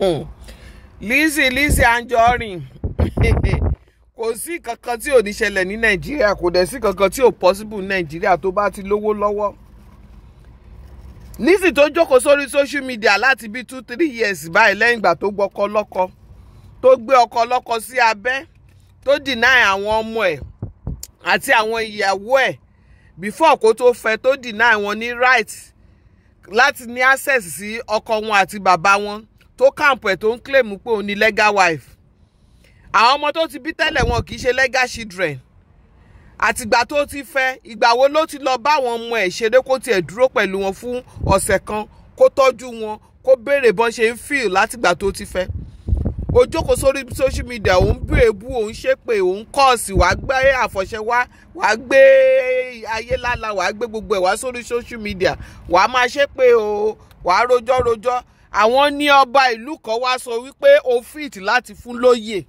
Mm. Lizzy Lizzy Anjorin kò sí kankan tí ò ní ṣẹlẹ̀ ní nàìjíríà kò dẹ̀ sí kankan tí ò possible ní nàìjíríà tó bá ti lówó lọ́wọ́ Lizzy tó jókòó sórí social media láti bíi two three years báyìí lẹ́yìn ìgbà tó gbọ́kọ lọ́kọ tó gbé ọkọ lọ́kọ sí abẹ́ tó deny àwọn ọmọ ẹ̀ àti àwọn ìyàwó ẹ̀ before kó tó fẹ́ tó deny wọn ní right láti ní access sí ọkọ wọn àti bàbá wọn tó kàǹpù ẹ̀ tó ń claim pé òun ni legal wife àwọn ọmọ tó ti bí tẹ́lẹ̀ wọn kì í ṣe legal children àtìgbà tó ti fẹ́ ìgbà wo ló ti lọ bá àwọn ọmọ ẹ̀ ṣeré kó tiẹ̀ dúró pẹ̀lú wọn fún ọ̀sẹ̀ kan kó tọ́jú wọn kó béèrè bọ́n ṣe ń feel látìgbà tó ti fẹ́ ó jókòó sórí social media òun bèrè bú òun ṣépè òun kọ́ọ̀sì wàá gbé àfọ̀ṣẹ wá wàá gbé ayé lálá wàá gbé gbogbo ẹ̀ wá sórí social media wàá máa ṣépè o wàá rojọ́ rojọ́ àwọn ní ọba ìlú kan wá sọ wípé ó fit láti fún lóyè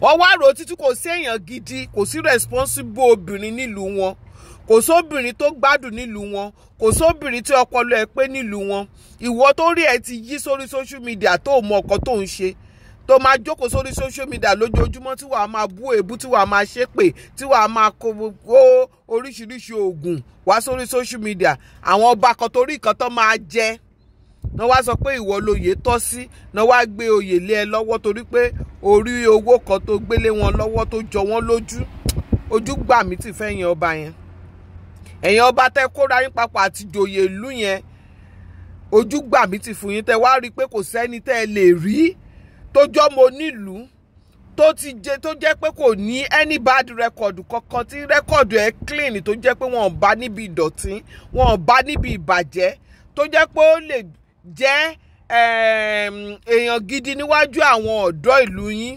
wọ́n wá rò títí kò sí èèyàn gidi kò sí responsible obìnrin nílùú wọn kò sóbìnrin tó gbádùn nílùú wọn kò sóbìnrin tí ọpọlọ ẹ pé nílùú wọn ìwọ tó rí ẹ ti yí sórí social media tó mọ ọkọ tó ń ṣe tó máa jókòó sórí social media lójoojúmọ́ tí wàá máa bú èébú tí wàá máa ṣépè tí wàá máa kó oríṣiríṣi oògùn wá sórí social media àwọn ọba kan torí ìkan tó máa jẹ́ náà wá sọ pé ìwọ lóye tọ́ sí náà wá gbé oyè lé ẹ lọ́wọ́ torí pé orí owó kan tó gbélé wọn lọ́wọ́ tó jọ wọ́n lójú ojú gbà mí ti fẹ́ yan ọba yẹn ẹ̀yin ọba tẹ́ kóra yín papọ̀ àti joyè ìlú yẹn ojú gbà mí ti fún yín tẹ́ wá rí i pé kò sẹ́ni tẹ́ ẹ lè rí tó jọ́ mo nílùú tó ti jẹ tó jẹ́ pé kò ní any bad record kankan tí record ẹ̀ clean tó jẹ́ pé wọ́n bá níbi ìdọ̀tí wọ́n bá níbi ìbàjẹ́ tó jẹ́ pé ó lè jẹ́ ehm, èèyàn gidi níwájú àwọn ọ̀dọ́ ìlú yín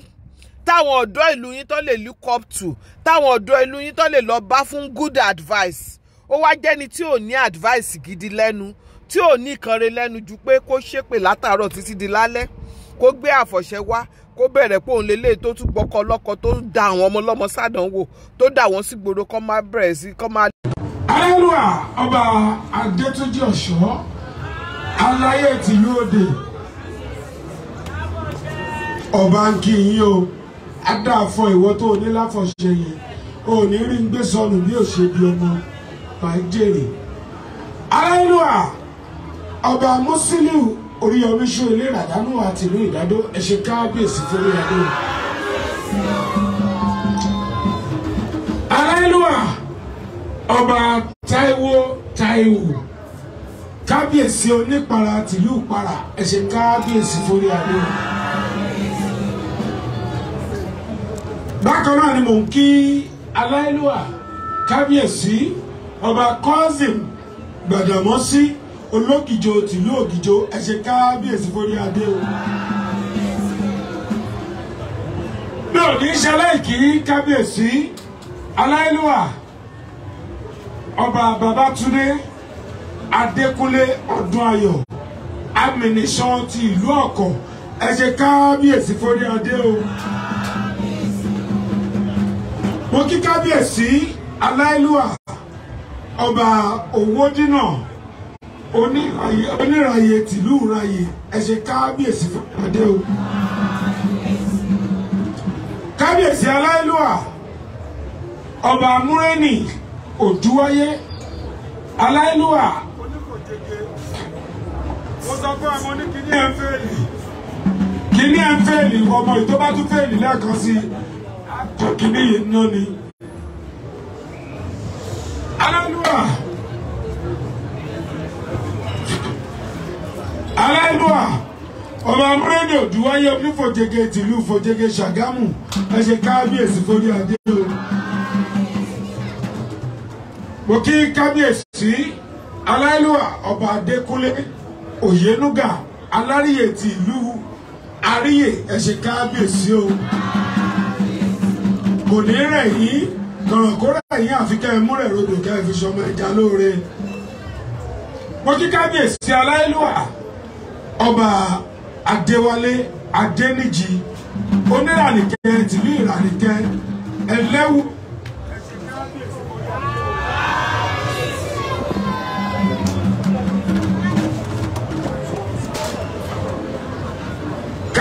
táwọn ọ̀dọ́ ìlú yín tó lè look up to táwọn ọ̀dọ́ ìlú yín tó lè lọ bá fún good advice ó wá jẹ́ni tí ò ní advice gidi lẹ́nu tí ò ní ìkànnì lẹ́nu ju pé kó ṣépè látàárọ̀ títí di lálẹ́ kó gbé àfọ̀ṣẹ́ wá kó bẹ̀rẹ̀ pé òun lélẹ́yìí tó tún gbọ́kọ lọ́kọ tó ń da àwọn ọmọ ọlọ́mọ sádánwò tó dà wọ́n sí gbòòrò kó máa bẹ̀rẹ̀ sí kó máa. arẹ́rùà ọba adétúnjì ọ̀ṣọ́ aláyé tìlú òde ọba ń kí yín o adáàfọ ìwọ tó ní láfọṣẹ yẹn o ní rí ń gbé sọnù bí òṣèbí ọmọ máa jèrè aláìlúwà ọba Musiliu Oríyọmí Ṣóyẹlé ìràdánù àti ìlú ìdádó ẹ ṣé káábíyèsí fún ìdádó. aláìlúwà ọba Táíwò Táíwò kábíyèsí onípara tìlú para ẹ ṣe kábíyèsí forí adé o. bákan náà ni mò ń kí aláìlúwà kábíyèsí ọba Kazeem Gbàdàmọ́sí olókìjo tìlú òkìjo ẹ ṣe kábíyèsí forí adé o. mi ò ní ṣe aláìkí kábíyèsí aláìlúwà ọba Babátúndé. Adékúnlé Ọdúnayọ̀ amìnìṣan ti ìlú Ọ̀kọ̀ ẹ ṣe kábíyèsí forí adé o mo kí kábíyèsí aláìlúwà ọba Owódínà oníràyè tìlú ìràyè ẹ ṣe kábíyèsí forí adé o kábíyèsí aláìlúwà ọba amúrẹ́nì òdúwáyé aláìlúwà ó sọ pé àwọn oníkíní ẹ̀ ń fèlì kíní ẹ̀ ń fèlì ọmọ ìjọba tún fèlì lẹ́ẹ̀kan sí tó kíní yìí ń náni. aláìlúwà aláìlúwà ọmọ amúrédè òdùwáyé onífòjege tìlú fòjege Ṣàgámù ẹ kábíyèsí forí adé o mo kí kábíyèsí aláìlúwà ọba Adékúnlé òyìnlúgà alárìyè ti ìlú àríyè ẹ ṣé kábíyèsí o kò ní rẹ̀ yín kọ̀rọ̀kọ́rọ̀ yín àfi kẹ́ ẹ múrẹ̀ rodò kẹ́ ẹ fi ṣọmọ ìjà lóore mo kí kábíyèsí aláìlúwà ọba adéwálé adéníjì onírànìkẹ́ tìlú ìrànìkẹ́ ẹlẹ́wù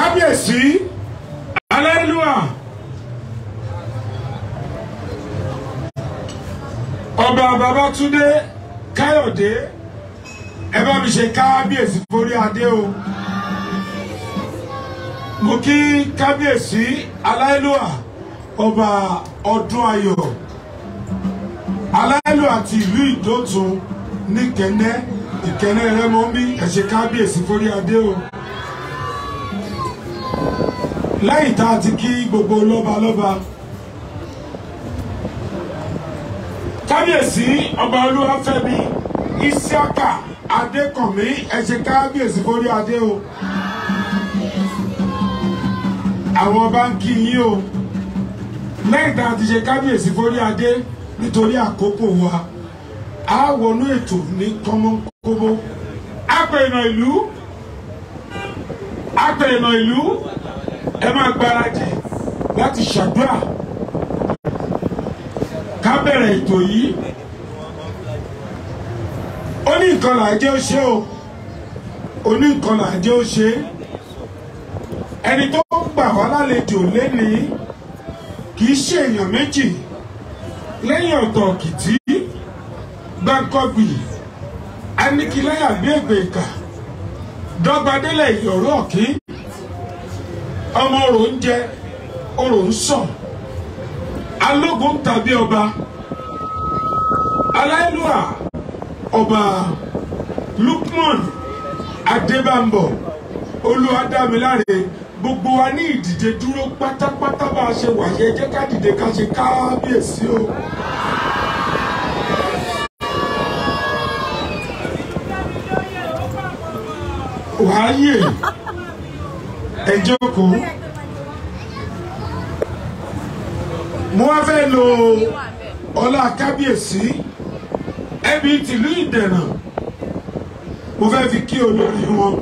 kábíyèsí alárìlúwà ọba Babátúndé Káyọ̀dé ẹ bá mi ṣe kábíyèsí forí adé o mo kí kábíyèsí alárìlúwà ọba ọdún ayọ̀ alárìlúwà ti ìlú Ìdótun ní Ìkẹ́nnẹ́ Ìkẹ́nnẹ́ Rẹ́mọ ń bí ẹ ṣe kábíyèsí forí adé o lẹ́yìn tá a ti kí gbogbo lọ́balọ́ba kábíyèsí ọba olúwafẹ́mi isiaka adékànmí ẹ ṣé kábíyèsí forí adé o àwọn ọba ń kí yín o lẹ́yìn tá a ti ṣe kábíyèsí forí adé nítorí àkókò wa a wọnú ètò ní kọ́mọ́kọ́mọ́ apẹ̀nà ìlú apẹ̀nà ìlú ẹ máa gbáradì láti ṣàdúrà ká bẹ̀rẹ̀ ètò yìí ó ní nǹkan là ń jẹ́ ó ṣe o ó ní nǹkan là ń jẹ́ ó ṣe ẹni tó gbà wá lálejò lénìí kì í ṣe èèyàn méjì lẹ́yìn ọ̀tọ̀ kìtì gbàǹkọ́gbì anikiláyà bí ègbè ìkà dọ́gbadélẹ̀ ìyọ̀rọ̀ kìí ọmọ orò ń jẹ orò ń sàn alógun tàbí ọba aláìlúwà ọba Lukman Adébámbọ̀ Olúwadámiláre gbogbo wa ní ìdìde dúró pátápátá bá a ṣe wàyẹ jẹ́ ká dìde ká ṣe káábíyèsí o. wàá yè ẹ jókòó mo wá fẹ́ lo ọlá kábíyèsí ẹbí tìlú ìdẹ̀nà mo fẹ́ fi kí olórí wọn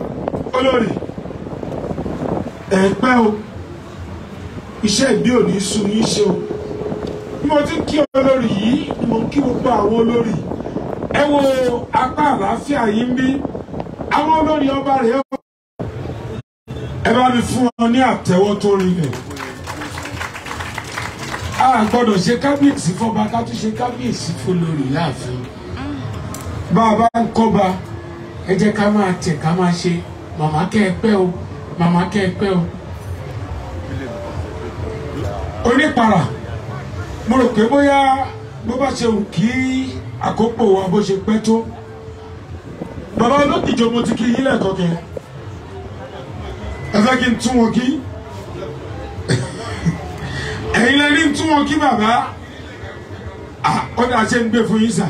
olórí ẹ̀ pẹ́ o iṣẹ́ ìbí òní sun yín ṣe o bí mo ti kí olórí yìí ni mo kí gbogbo àwọn olórí ẹ wo apá àlàáfíà yín bí àwọn olórí ọba rèé ẹ bá mi fún ọ ní àtẹ́wọ́ tó rinlẹ̀ a gbọ́dọ̀ ṣe kábíyèsí fọba ká tún ṣe kábíyèsí fọlọ́rì láàfin bá a bá ń kọ́ba ẹ jẹ́ ká máa tẹ̀ ká máa ṣe màmá kẹ́ ẹ pẹ́ o màmá kẹ́ ẹ pẹ́ o onípara mo rò pé bóyá bó bá ṣe wù kí àkópọ̀ wa bó ṣe pẹ́ tó bàbá olókìjọ mo ti kí yín lẹ́ẹ̀kọ́ ẹ fẹ́ kí n tún wọn kí ẹ̀yin lẹ ní n tún wọn kí bàbá ọ̀dà ṣe ń gbé fún yín sà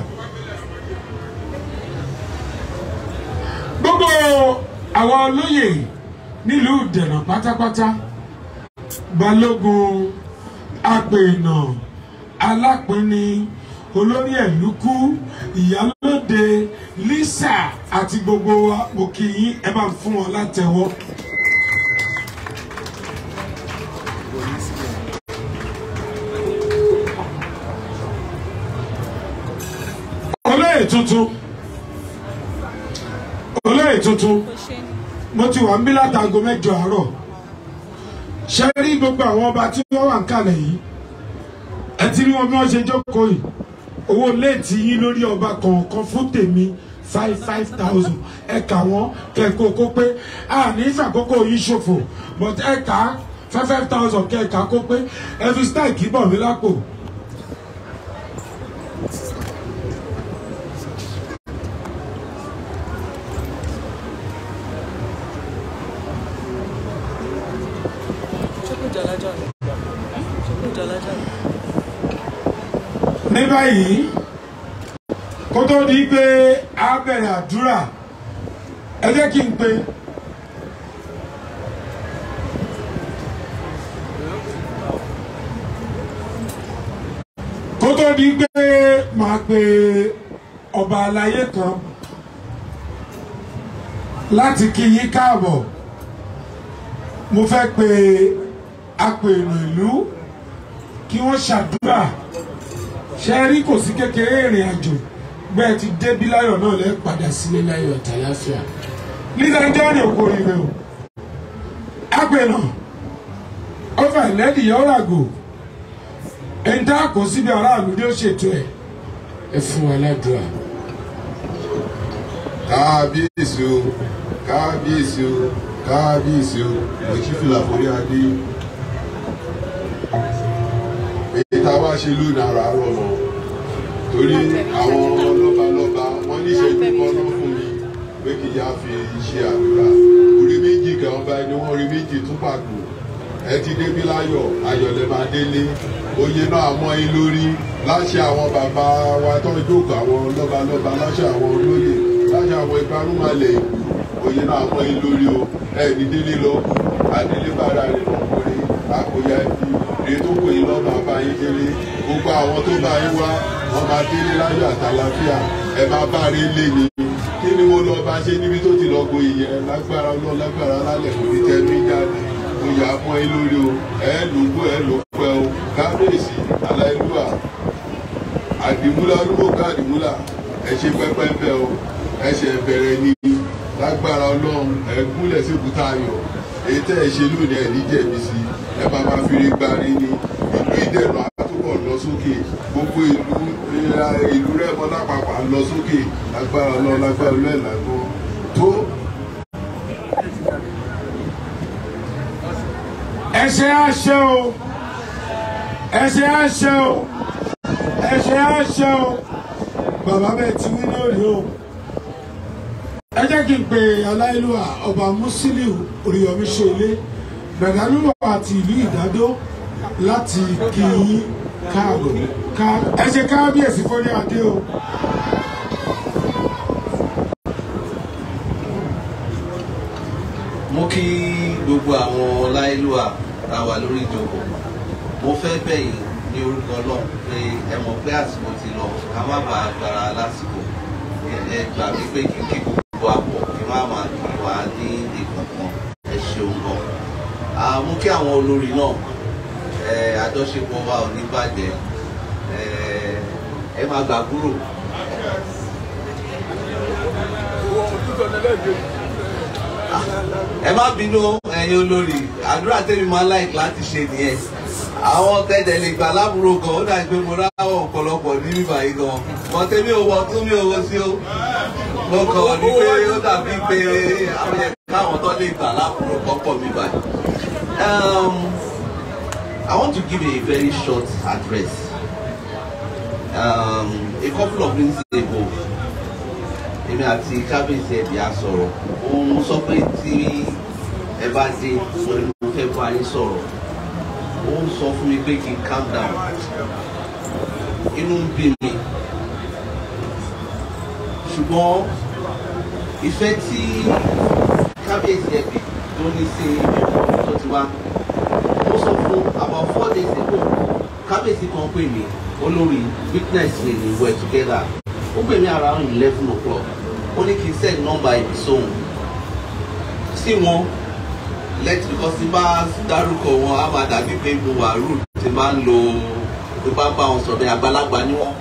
gbogbo àwọn olóyè nílùú Ìdẹ̀nà pátápátá balógun apèènà alápínni olórí ẹ̀lúkú ìyálóde lísà àti gbogbo wa mo kí yín ẹ bá fún wọn látẹ̀wọ́. tuntun olóyè tuntun mo ti wà ń bí látago mẹ́jọ àárọ̀ ṣe rí gbogbo àwọn ọba tí wọ́n wà ń kalẹ̀ yìí ẹ ti rí wọn bí wọ́n ṣe jókòó yìí owó léètì yín lórí ọba kọ̀ọ̀kan fún tèmi five five thousand ẹ kà wọ́n kẹ́kọ̀ọ́ kó pé a ní ìfàkókò yìí ṣòfò but ẹ kà five five thousand kẹ́ẹ̀ka kó pé ẹ fi style kì í bọ̀ mí lápò. báyìí kó tó di pé a bẹ̀rẹ̀ àdúrà ẹ jẹ́ kí n pe kó tó di pé màá pe ọba aláyé kan láti kí yín káàbọ̀ mo fẹ́ pe apèrò ìlú kí wọ́n ṣàdúrà. ṣe kò sí kékeré ìrìn àjò bẹ́ẹ̀ ti débí láyọ̀ náà lẹ́ padà sílé láyọ̀ àtàláfíà lílẹ́jọ́ òkú oríire o agbẹ̀nà ọfà ìlẹ́dìyẹ ọ̀ràgò ẹ̀ńtà kò síbi aráàlú ni ó ṣètò ẹ̀ ẹ fún wa ládùúrà. kábíyèsí o kábíyèsí o kábíyèsí o mo adé. tá a wá ṣe lónìí ara rọ̀ mọ́ torí àwọn lọ́ba lọ́ba wọ́n ní ìṣẹ́jú mọ́nà fún mi pé kì í yá fi ṣe àdúrà orí méjì gan ọba ẹni wọ́n orí méjì tún pàgò ẹ ti débi láyọ̀ ayọ̀ máa délé oyè náà mọ́ yín lórí láṣẹ àwọn bàbá wa tó ń àwọn lọ́ba lọ́ba láṣẹ àwọn olóyè láṣẹ àwọn ìparúmalẹ̀ oyè náà mọ́ yín lórí o ẹ ní délé lọ adélé rẹ̀ lọ́kùnrin àkóyá ẹ̀ òde tó kù yìí lọ́ọ́ máa yín délé gbogbo àwọn tó bá yín wá wọ́n délé láyọ̀ àtàlàfíà ẹ máa bá rí lé ni kí ni mo lọ bá ṣe níbi tó ti lọ gbo ìyẹn lágbára ọlọ́ọ̀ lágbára lálẹ́ kò ní tẹ́ mí jáde mo yà á pọ́n lórí o ẹ lùgbò ẹ lò pẹ́ o kábíyèsí aláìlúwà àdìmúlà olúmọ̀ká àdìmúlà ẹ ṣe pẹ́pẹ́ bẹ́ o ẹ ṣe bẹ̀rẹ̀ ní lágbára ọlọ́run ẹ gúnlẹ̀ sí òkúta ayọ̀ èyí tẹ́ ẹ ṣe lónìí ẹ̀ níjẹ̀bi sí i ẹ bá máa fi gba rí ni ìlú ìdẹ̀rù àtúbọ̀ lọ sókè gbogbo ìlú ìlú rẹ́mọ lápapọ̀ lọ sókè lágbára lọ lágbára lọ ẹ̀ lágbó tó. ẹsẹ̀ àṣẹ o ẹsẹ̀ àṣẹ o ẹsẹ̀ àṣẹ o bàbá bẹ́ẹ̀ ti wí ní òde o ẹ jẹ́ kí n pe aláìlúwà ọba Musiliu Oríyọ̀mí Ṣọlé. Gbẹ̀gánúrò àti ìlú Ìdádó láti kí yín káàbọ̀ ẹ ṣe káábíyèsí fún ní adé o. mo kí gbogbo àwọn láìlúà tá a wà lórí ìjókòó mo fẹ́ bẹ̀yìn ní orúkọ náà pé ẹ mọ̀ pé àsìkò ti lọ ká má bàa gbára lásìkò ẹ gbà mí pé kí n kí gbogbo àpọ̀ kí n má máa kí. kí àwọn olórí náà àjọṣepọ̀ wa ò ní bàjẹ́ ẹ máa gbà kúrò. Ah, ẹ má bínú ẹ̀yin olórí àdúrà tẹ́mi máa láìkí láti ṣe nìyẹn àwọn tẹ̀dẹ̀ lè gbà lábúrò gan ó dàgbé mo ráwọ̀ ọ̀pọ̀lọpọ̀ ní bíbá yìí gan wọn tẹ́mi ò wọ tún mi ò wọ sí o mo kàn ní pé ó dàbí pé àwọn ẹ̀ka àwọn tó lè gbà lábúrò kọ́kọ́ mi báyìí. Um, I want to give a very short address. Um, a couple of minutes ago, I mean, kábíyèsí ẹ̀bí a sọ̀rọ̀. Òun sọ pé tí ẹ bá dé, mo ní mo fẹ́ bá yín sọ̀rọ̀. Ó ń sọ calm down. It ń be. mi. Ṣùgbọ́n ìfẹ́ tí kábíyèsí ẹ̀bí tó ní sí ẹ̀bí ti wá mo sọ fún about four days ago kábíyèsí kan pè mí olórí witness mi ni we together ó pè mí around eleven o'clock ó ní kí n send number ibi sóhun sí wọn lẹ́tí because tí bá dárúkọ wọn á máa dàbí pé mo wà rude tí bá ń lo tó bá bá wọn sọ̀rọ̀ àgbàlagbà ni wọn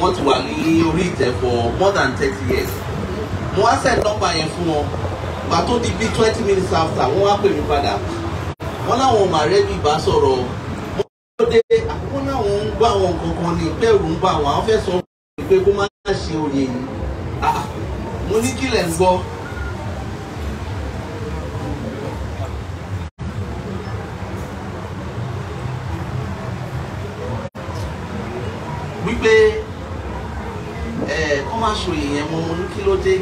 wọ́n ti wà ní orí ìtẹ́ for more than thirty years mo wá send number yẹn fún wọn gbà tó di bí twenty minutes after wọ́n wá pè mí padà wọ́n láwọn ò bá sọ̀rọ̀ wọ́n dé wọ́n láwọn ń gbọ́ àwọn kankan ní ìpẹ́rù ń bá àwọn fẹ́ sọ pé oyè yìí ah, mo ní kí lẹ̀ ń gbọ́. wípé ẹ eh, kọ́ máa ṣòyè yẹn mo ló dé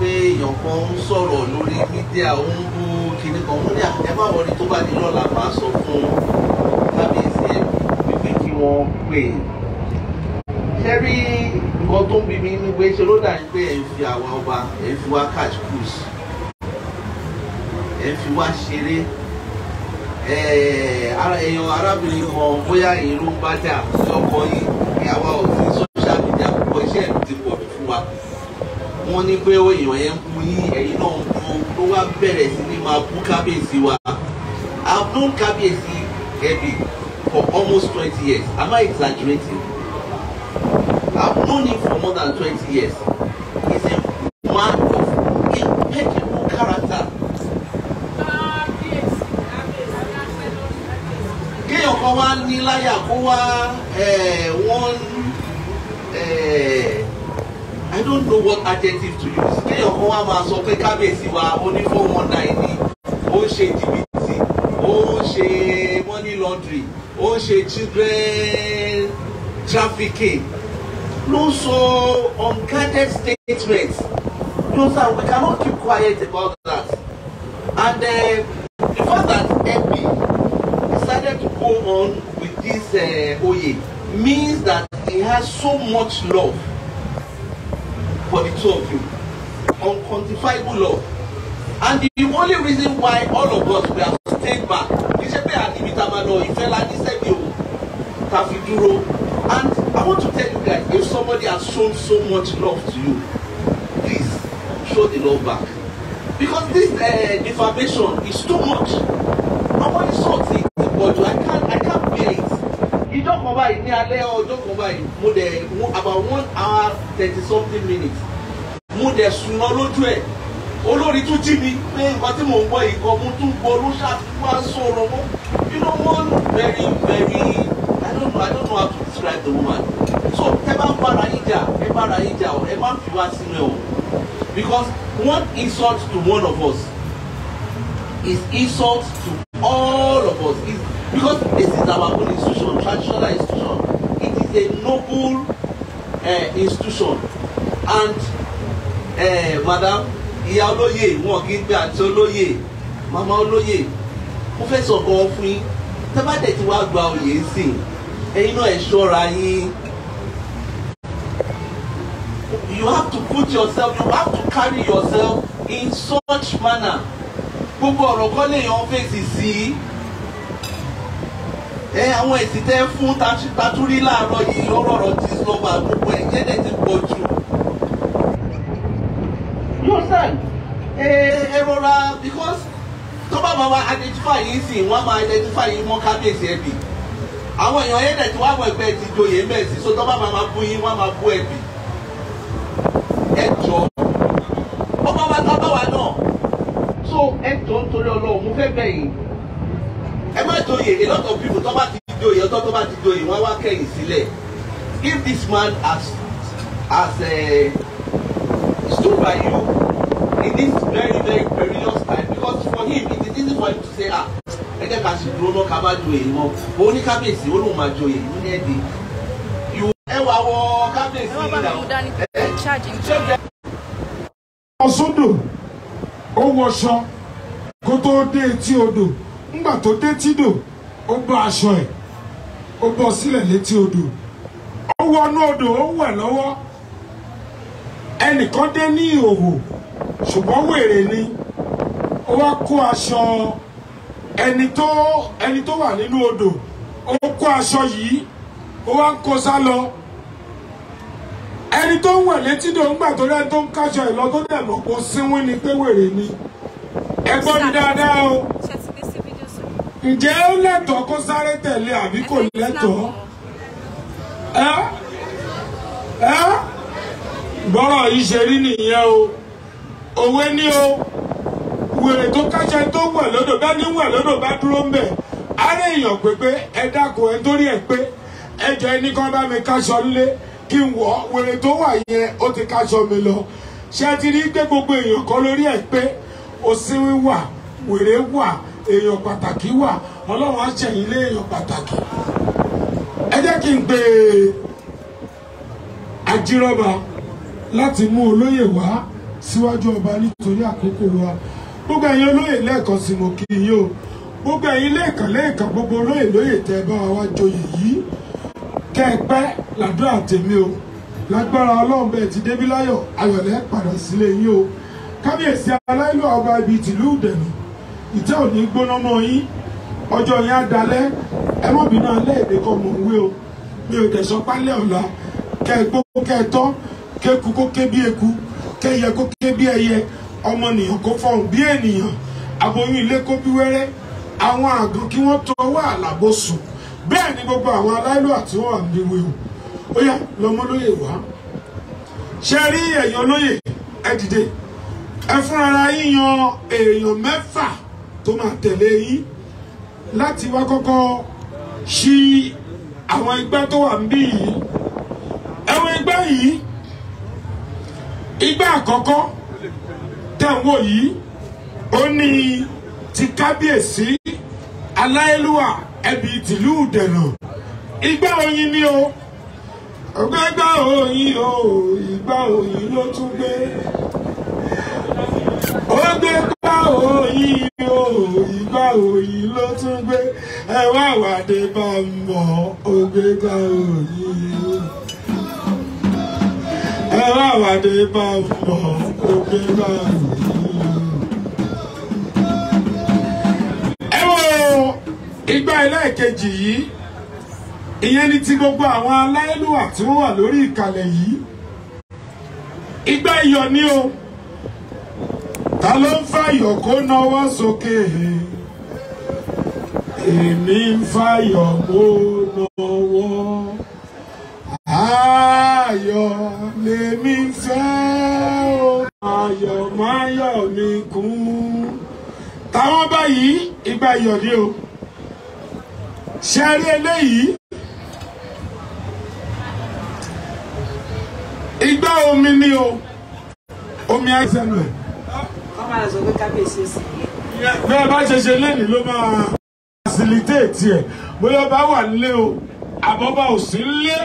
pé èèyàn kan ń sọ̀rọ̀ lórí mídíà ó ń bú kinní kan wọ́n ní àtẹ́fà wọn ni tó bá di lọ́la máa sọ fún kábíyèsí ẹ̀ wípé kí wọ́n pè é. ṣé rí nǹkan tó ń bí mi ní ṣe ló dàrí pé ẹ̀ ń fi àwa ọba ẹ̀ ń fi wá catch cruise ẹ̀ ń fi wá ṣeré èèyàn arábìnrin kan bóyá ìlú ń bá jà lọ́kọ yìí ìyàwó ọ̀sẹ̀. wọ́n ní pé èèyàn yẹn ń kú yín ẹ̀yin náà ń kú ló wá bẹ̀rẹ̀ sí ní máa bú kábíyèsí wa I've known kábíyèsí Kebbi for almost twenty years am I exaggerating I've known him for more than twenty years he's a man of impeccable character. kéèyàn kan wá ní kó wá ẹ̀ẹ́. Eh, don't know what adjective to use kéèyàn kan wá máa sọ pé kábíyèsí wa oní four one nine ni ó ṣe jìbìtì ó ṣe money laundry ó ṣe children trafficking ló ń sọ unguarded statements you sir, we cannot keep quiet about that and uh, the fact that MP decided to go on with this uh, oyè means that he has so much love for the two of you. Unquantifiable love. And the only reason why all of us we were stayed back, kì í ṣe pé àdìbìtà máa lọ ìfẹ́ la And I want to tell you guys, if somebody has shown so much love to you, please show the love back. Because this uh, defamation is too much. Nobody saw it, but I can't kan báyìí ní alẹ́ ọjọ́ kan báyìí mo dẹ̀ about one hour thirty something minutes mo dẹ̀ sùn lọ lójú ẹ̀ olórí tún jí mi pé nǹkan tí mò ń gbọ́ ìkọ́ mo tún gbọ́ ló ṣàtúwá sọ̀rọ̀ mọ́ you know very very i don't know i don't know how to describe the woman so ẹ bá ń bára yín jà ẹ bára yín jà ọ ẹ má fi wá sínú ẹ o because one insult to one of us is insult to all of us is because this is our own institution traditional institution it is a noble uh, institution and uh, madam ìyá olóyè wọn kì í gbé àti olóyè mama olóyè mo fẹ́ sọ gan fún yín tẹ́bàdẹ̀ tí wàá gba oyè sí ẹ̀yin náà ẹ̀ ṣọ́ra yín you have to put yourself you have to carry yourself in such manner gbogbo ọ̀rọ̀ kọ́ lè yan fèsì sí i ẹ àwọn èsì tẹ fún tatúrí láàárọ̀ yìí lọ́rọ̀ ọ̀rọ̀ tí slova gbogbo ẹ̀ jẹ́ ti pọ̀ jù. yóò sàn. because tó bá máa wá identify yìí sí wọ́n máa identify yìí mọ́ kábíyèsí ẹ̀bì àwọn èèyàn yẹn dẹ̀ tí wọ́n á wọ ẹgbẹ́ ti joyè mẹ́ẹ̀ sí so tó bá máa bú yín wọ́n máa bú ẹ̀bì ẹ ọba wa tábà wa náà so ẹ jọ nítorí Ọlọ́run mo fẹ́ bẹ̀ yín joyè a lot of people tó bá ti joyè ọjọ́ tó bá ti joyè wọ́n wá kẹ̀yìn sílẹ̀ if this man has has uh, stood by you in this very very perilous time because for him it is easy for him to say ah ẹ jẹ́ ká sì dúró náà ká bá joyè wọn òun ní kábíyèsí ó lóun máa joyè ní ẹ̀dẹ̀ ẹ wà wọ kábíyèsí ìlà ọ̀sọ́dọ̀ ó wọṣọ kó tó dé etí odò ńgbà tó dé tídò ó bá aṣọ ẹ̀ ó bọ́ sílẹ̀ létí odò ó wọnú odò ó wẹ̀ lọ́wọ́ ẹnìkan dé ní ìhòòhò ṣùgbọ́n wèrè ni ó wá kó aṣọ ẹni tó ẹni tó wà nínú odò ó kó aṣọ yìí ó wá ń kó sá lọ ẹni tó ń wẹ̀ létí dò ńgbà tó dẹ́ tó ń káṣọ ìlọ tó kó sínwín ni pé wèrè ni ẹ gbọ́ mi dáadáa o ǹjẹ́ ó lẹ́tọ̀ọ́ kó sáré tẹ̀lé àbí kò lẹ́tọ̀ọ́ ẹ ẹ gbọ́rọ̀ yìí ṣe rí nìyẹn o òwe ni o wèrè tó kájẹ tó wẹ̀ lódò bá ní wẹ̀ lódò bá dúró ń bẹ̀ ara èèyàn pépé ẹ dákun ẹ torí ẹ pé ẹ jọ ẹni kan bá mi káṣọ nílé kí n wọ̀ wèrè tó wà yẹn ó ti káṣọ mi lọ ṣé ẹ ti rí pé gbogbo èèyàn kan lórí ẹ pé òsínwín wà wèrè wà èèyàn pàtàkì wà ọlọ́run á ṣẹ̀yìn lé èèyàn pàtàkì ẹ jẹ́ kí n pe ajírọ́ba láti mú olóyè wá síwájú ọba nítorí àkókò wa gbogbo ẹ̀yin olóyè lẹ́ẹ̀kan sí mo kí yín o gbogbo ẹ̀yin lẹ́ẹ̀kan lẹ́ẹ̀kan gbogbo olóyè lóyè tẹ́ bá wa joyè yìí kẹ́ ẹ pẹ́ làdúrà tèmi o lágbára ọlọ́run bẹ́ẹ̀ ti débí láyọ̀ ayọ̀lẹ́ padà sílé yín o kábíyèsí aláìlú ọba ibi tìlú ìdẹ̀nu ìtẹ́ ò ní gbóná mọ́ yín ọjọ́ yẹn á dalẹ̀ ẹ mọ̀ bínú alẹ́ èdè kan mò ń o mi ò dẹ̀ sọ pálẹ̀ ọ̀la kẹ́ ẹ gbó kẹ́ ẹ tọ́ kẹ́ eku kó ké bí eku kẹ́ ẹyẹ kó ké bí ẹyẹ ọmọnìyàn kó fọhùn bí ènìyàn aboyún ilé kó bí wẹ́rẹ́ àwọn àgàn kí wọ́n tọwọ́ àlàbò sùn bẹ́ẹ̀ ni gbogbo àwọn aláìlú àti wọn àdéwé o ó yá lọmọ lóye wá ṣe rí ẹ̀yàn lóye ẹ dìde ẹ fúnra ara yíyan èèyàn mẹ́fà tó máa tẹ̀lé yín láti wá kọ́kọ́ ṣí àwọn igbá tó wà níbí yìí ẹ̀wọ̀n igbá yìí igbá àkọ́kọ́ tẹ̀ ń wò yìí ó ní ti kábíyèsí aláìlúwà ẹbí tìlú ìdẹ̀nà igbá oyin ni o ọgbẹ́gbá oyin o ìgbá oyin ló tún gbé ó gbé gbá òyìn o ìgbà òyìn ló tún gbé ẹ wá wàdé bá mọ̀ ó gbé gbá òyìn o ẹ wá wàdé bá mọ̀ ó gbé gbá òyìn. igbá ẹlẹ́ẹ̀kejì yìí ìyẹn ni ti gbogbo àwọn aláìlúwà tí lórí ìkàlẹ̀ yìí igbá iyọ̀ ni o ta ló ń fàyọ̀ kó náwó sókè èmi ń fàyọ̀ mo náwó ayọ̀ lèmi ń fẹ́ o ayọ̀ máyọ̀ mi kún táwọn báyìí ìgbà ìyọ̀dí o ṣe rí eléyìí ìgbà omi ni o omi àìsàn rẹ̀ máa sọ pé kábíyèsí òsì yẹn. bí bá ṣe ṣe lẹ́nìí ló máa facilitate ẹ̀ bóyá ọba wà nílé o àbọ̀bá ò sí nílé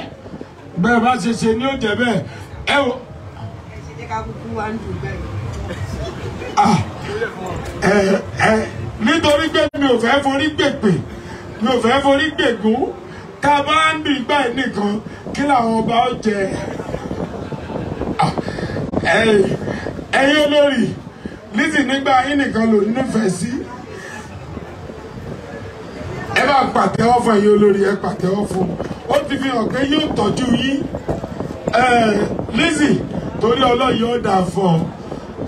bẹ́ẹ̀ bá ṣe ṣe ní oúnjẹ bẹ́ẹ̀ ẹ o. ẹ ṣe jẹ́ ká kúkú wá ń dùn bẹ́ẹ̀. Ah, ẹ ẹ nítorí pé mi ò fẹ́ forí gbègbè mi ò fẹ́ forí gbègbè tá a bá ń dùn ìgbà yìí nìkan kí làwọn ọba ó jẹ ah, ẹ̀yin olórí Lizzy nígbà yín nìkan ló nífẹ̀ẹ́ sí ẹ bá pàtẹ́wọ́ fún ẹ̀yin olórí ẹ pàtẹ́wọ́ fún ó ti fi hàn pé yóò tọ́jú yín Lizzy torí ọlọ́run yóò dà fún ọ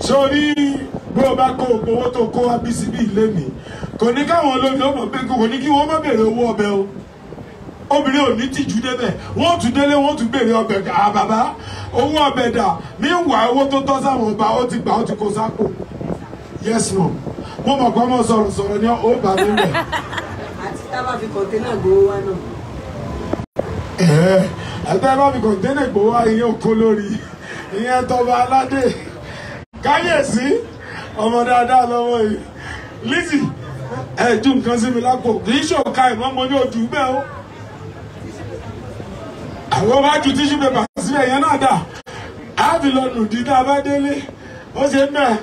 sórí bó o bá kó gbogbo owó tó kó wá bí síbí ilé mi kò ní káwọn olómi ó mọ̀ pé kò ní kí wọ́n má béèrè owó ọbẹ̀ o obìnrin ò ní tìjú débẹ̀ wọ́n tún délé wọ́n tún béèrè ọbẹ̀ dà ah, bàbá owó ọbẹ̀ dà mí wà owó tó tọ́ sáwọn ọba ó ti gbà ó ti kó sápò yes ma'am mo mọ̀ pé ọmọ sọ̀rọ̀ sọ̀rọ̀ ni ó bá mi bẹ̀. àti tábà fi kọ̀ǹténà gbowó wa náà. ẹ̀ẹ́ àtàbà fi kọ̀ǹténà gbowó wa ìyẹn òkú lórí ìyẹn tọba aládé káyèsí ọmọ dáadáa lọ́wọ́ yìí Lizzy ẹ̀ẹ́dù nǹkan sí mi lápò kì í ṣòka ìmọ̀ mo ní ojú bẹ́ẹ̀ o àwọn bá ju tíṣù pépà síbẹ̀ yẹn náà dà á fi lọ nù dídá abádélé ó ṣe ń bẹ́ẹ̀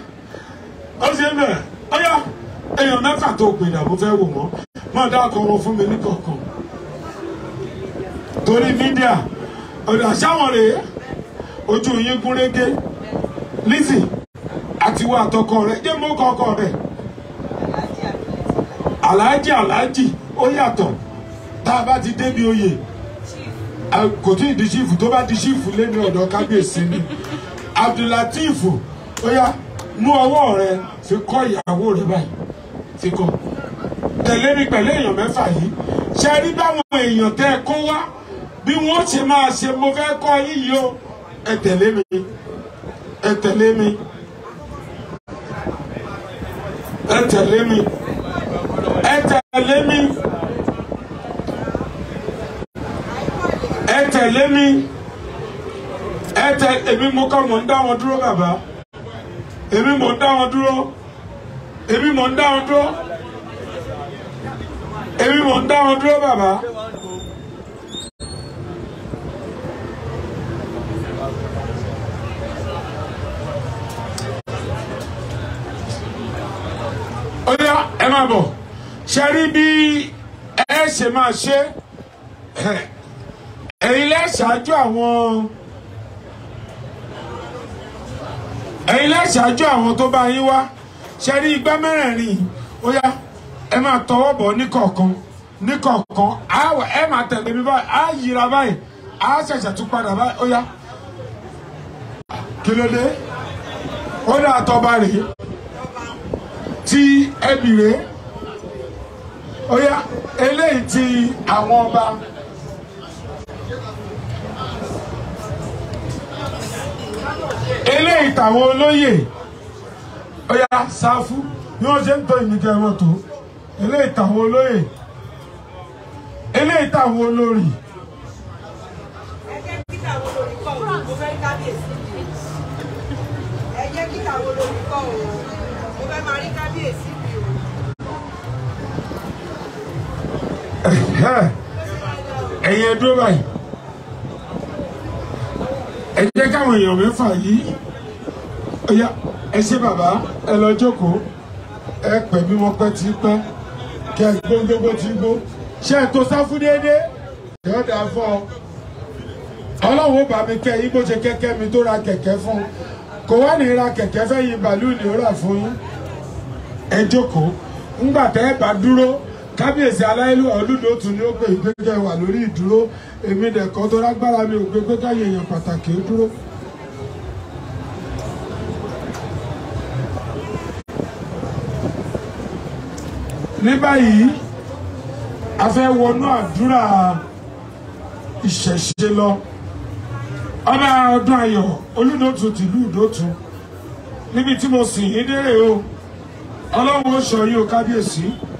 ó ṣe ń bẹ̀rẹ̀ ọyá èèyàn mẹ́fà tó gbìyànjú àbò fẹ́ wò wọ́n máa dá ọkọ̀ wọn fún mi ní kọ̀ọ̀kan torí mídíà ọ̀dà sáwọn rèé ojú yín gún régé Lizzy àtiwọ́ àtọkọ rẹ̀ jẹ́ mọ́ kọ̀ọ̀kan rẹ̀ aláàjì aláàjì ó yàtọ̀ tá a bá ti débi oyè kò tí ì di ṣífù tó bá di ṣífù lé ní ọ̀dọ̀ kábíyèsí ni Abdulateef ó yá mú ọwọ́ rẹ̀ fi kọ́ ìyàwó rẹ báyìí fi kọ́ tẹ̀lé mi pẹ̀lú èèyàn mẹ́fà yìí ṣe rí báwọn èèyàn tẹ́ ẹ kó wá bí wọ́n ṣe máa ṣe mo fẹ́ kọ́ yíyí o ẹ tẹ̀lé mi ẹ tẹ̀lé mi ẹ tẹ̀lé mi ẹ tẹ̀lé mi ẹ tẹ̀lé mi ẹ tẹ̀lé mi mo kọ́ mọ̀ ń dá wọn dúró bàbá èmi mò ń dá wọn dúró èmi mò ń dá wọn dúró èmi mò ń dá wọn dúró bàbá. ó ẹ máa bọ̀ ṣe rí bí ẹ ṣe máa ṣe ẹ̀yin lẹ́ṣáájú àwọn. ẹ̀yin lẹ́sàájú àwọn tó bá yín wá ṣe rí igbá mẹ́rẹ̀ẹ̀rin ó yá ẹ máa tọwọ́ bọ̀ níkọ̀ọ̀kan níkọ̀ọ̀kan àwọ̀ ẹ máa tẹ̀lé mi báyìí á yíra báyìí á ṣẹ̀ṣẹ̀ tún padà báyìí ó yá kí ló dé ó dà tọba rèé ti ẹbì rèé ó yá eléyìí ti àwọn ọba. eléyìí tàwọn olóyè ọ̀yà sáfù bí wọ́n ṣe ń tọ́ ìníkẹ́ ẹ̀rọ tó eléyìí tàwọn olóyè eléyìí tàwọn olórí. ẹ̀jẹ̀ kí tàwọn olórí kọ́ òun mo fẹ́ kábíyèsí ẹ̀jẹ̀ kí tàwọn olórí kọ́ òun mo fẹ́ máa rí kábíyèsí bí dúró báyìí ẹ jẹ́ káwọn èèyàn mẹ́fà yìí ọ̀yà ẹ ṣe bàbá ẹ lọ jókòó ẹ pẹ̀ bí wọ́n pẹ́ ti pẹ́ kẹ́ ẹ gbó gbogbo ti gbó ṣe ètò sáfù déédéé yóò dà fún ọ bá mi kẹ́ yín ṣe kẹ́kẹ́ mi tó ra kẹ̀kẹ́ fún kò wá ní ra kẹ̀kẹ́ fẹ́ yín bàálù ni ó rà fún yín ẹ jókòó ńgbà tẹ́ ẹ bá dúró kábíyèsí aláyélúwà olúdòtún ni ó pè ìgbẹ́jẹ́ wà lórí ìdúró èmi dẹ̀kọ́ tó lágbára mi ò gbé pé káyé èèyàn pàtàkì ó dúró. ní báyìí a fẹ́ wọnú àdúrà ìṣẹ̀ṣe lọ ọba ọdún ayọ̀ olúdòtún tìlú ìdòtún níbi tí mo sì ń dérè o ọlọ́run ó ṣọ́ yín o kábíyèsí. Si.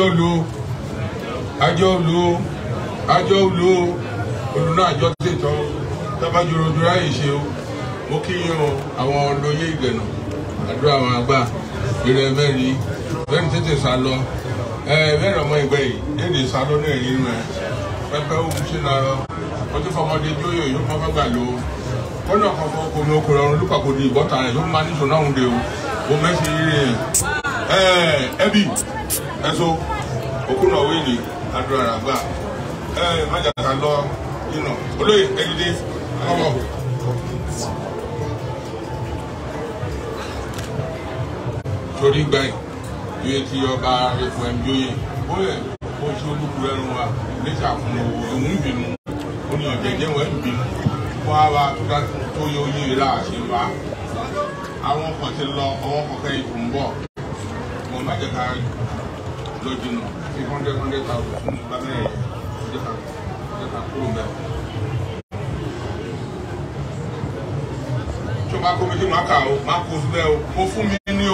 ajọ lu ajọ lu ajọ lu olùnà àjọ tètò tábàjòrò dúrà yìí ṣe o mo kíyàn àwọn olóyè ìgbẹ̀nà àdúrà àwọn àgbà ìrẹ mẹ́rin mẹ́rin tètè sá lọ ẹ mẹ́rin ọmọ ìgbẹ́ yìí léde sá lọ náà nínú ẹ pẹpẹ ohun ṣe na lọ wọ́n ti fọmọdé jóyè yóò fọ́ fẹ́ gbà lọ ó náà kọ́ fọ́ kò ní okòrò ọ̀run lùpàkò ní ìbọ́ta rẹ̀ yóò máa níṣó náà ń de o mo mẹ́sì rí rẹ̀ ẹ̀ ẹ̀bí ẹ̀sọ́ òkúnà owó ìlú àdúrà àgbà ẹ̀ májàkà lọ yìnà olóyè ẹ̀dídé ọmọ. torí gbàyìn yóò ti ọba ẹ̀fọ́ ẹ̀mí oyè ó yẹ oṣù olúkú ẹnu wa níta fún òun bínú ó ní ọ̀jẹ̀ jẹ́ wọ́n bínú wọ́n á wá tó yẹ oyè rà sí wa àwọn kan ti lọ ọwọ́ kọ̀ọ̀kan ìkùn bọ̀ wọ́n má jẹ́ ká rí lọ́dún náà bí hundred hundred thousand fún mi bámẹ́ ẹ̀yẹ ọjọ́ kan ọjọ́ kan kúrò ń bẹ̀. tó bá kó mi kí màá kà ó màá kó síbẹ̀ ó fún mi ní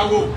Saúl.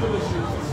这个是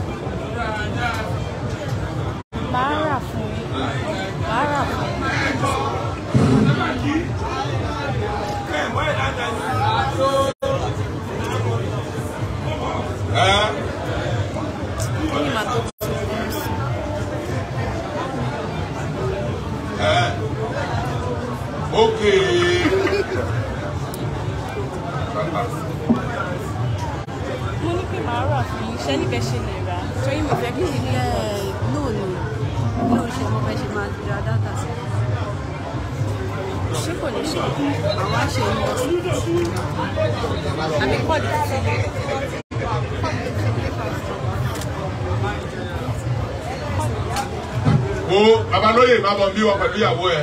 bí wá pẹ̀lú ìyàwó ẹ.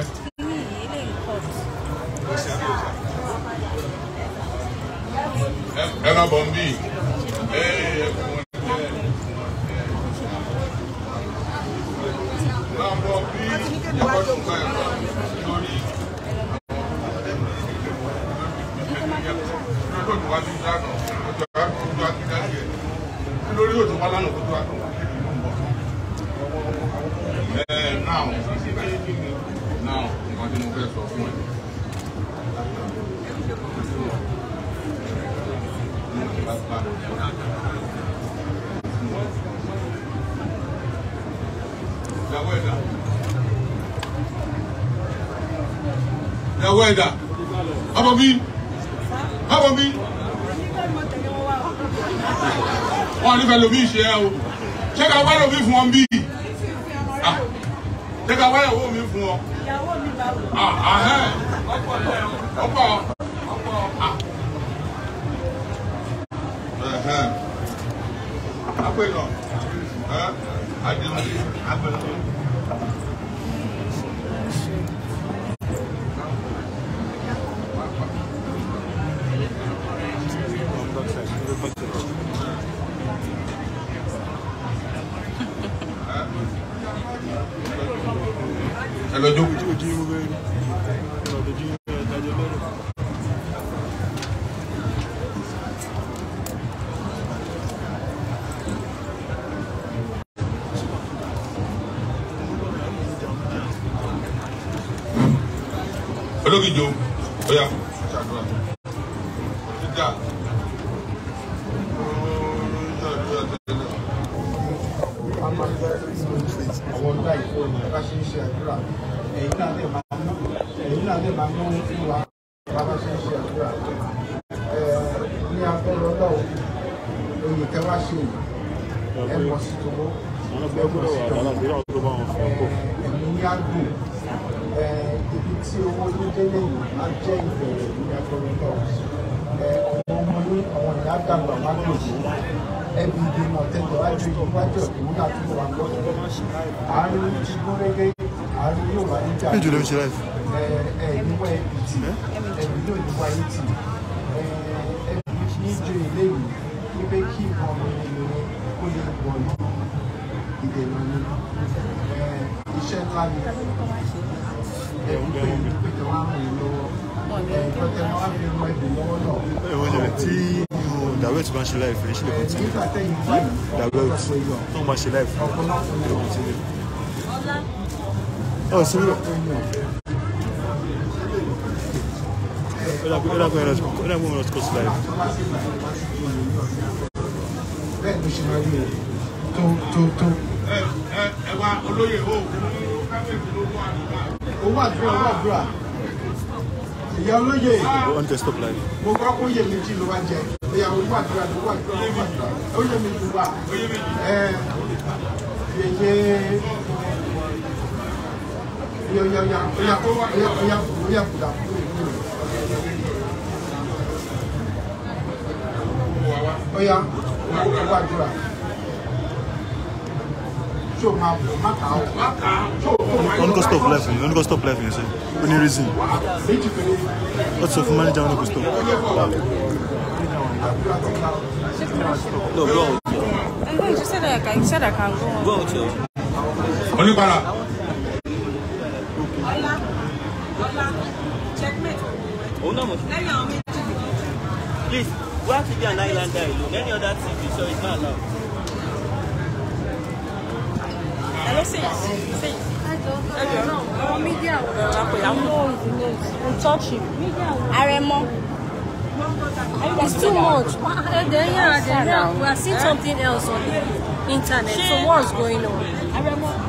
ẹ má bọ̀ ń bí ẹ kò wọ́n. bọ̀ bí má bọ̀ bí. wọn nífẹ̀ẹ́ lomi ẹ o ṣé ká wá lomi fún ọ bí ah. ṣé ká wá ìyàwó mi fún ọ. ìyàwó mi bá wò. Ah, ah, eh. ọ̀pọ̀ ọ̀pọ̀ apẹ̀lọ̀ àdìmọ̀ àpẹ̀lọ̀. ẹ lọ olókìjọ. ẹbí ìdènà tẹ̀lé wájú iwájú ọ̀dùnmú náà tó wà lọ́dún. àárín ìdìbò rẹ́gẹ́ àárín yóò wá níjà. bí ìjọba ṣe láìsí. ẹ ẹ níwọ ẹbí tì ẹbí yóò níwọ ayé tì ẹ ẹbí níjọ ìléyìí wípé kí ìbọn mi ìròyìn ó lè wọ̀ ní ìdènà ni iṣẹ́ ńlá ni ẹ̀rù pé ìpèjọ wà mí lọ́wọ́ ẹ̀rù pé ìpèjọ wà mí lọ́wọ́ náà dàwé tí wọ́n ṣe láìfẹ́ ẹ̀ ṣì lè kọ́ntínú dàwé tí wọ́n ṣe láìfẹ́ ẹ̀ kọ́ntínú. ọ̀ sí rọ̀ Era como era como era como nos costas. Tó tó tó. Ẹ wá olóyè o, owó àdúrà owó àdúrà ìyá olóyè wọ́n tẹ stop line. mo gbọ́ pé oyè méjì ló wá jẹ ìyàwó gbàdúrà ló wà tó gbàdúrà oyè méjì wà yeye yeye oya oya oya Don't go stop laughing. Don't go stop laughing. You see, any reason? Lots of money down. On go stop. No, go out. No, you said I can. You said I can go. Go out, yo. para? Ọlá, ọlá, checkmate. Oh no, Please, we have to be an islander alone. Any other thing you saw is not allowed. ẹ ṣe ṣe ẹjọ náà ọmọ mídíà wọ àpòyàwó àrẹmọ. It's too much. There, there, yeah. We are seeing something else on the internet. So what's going on?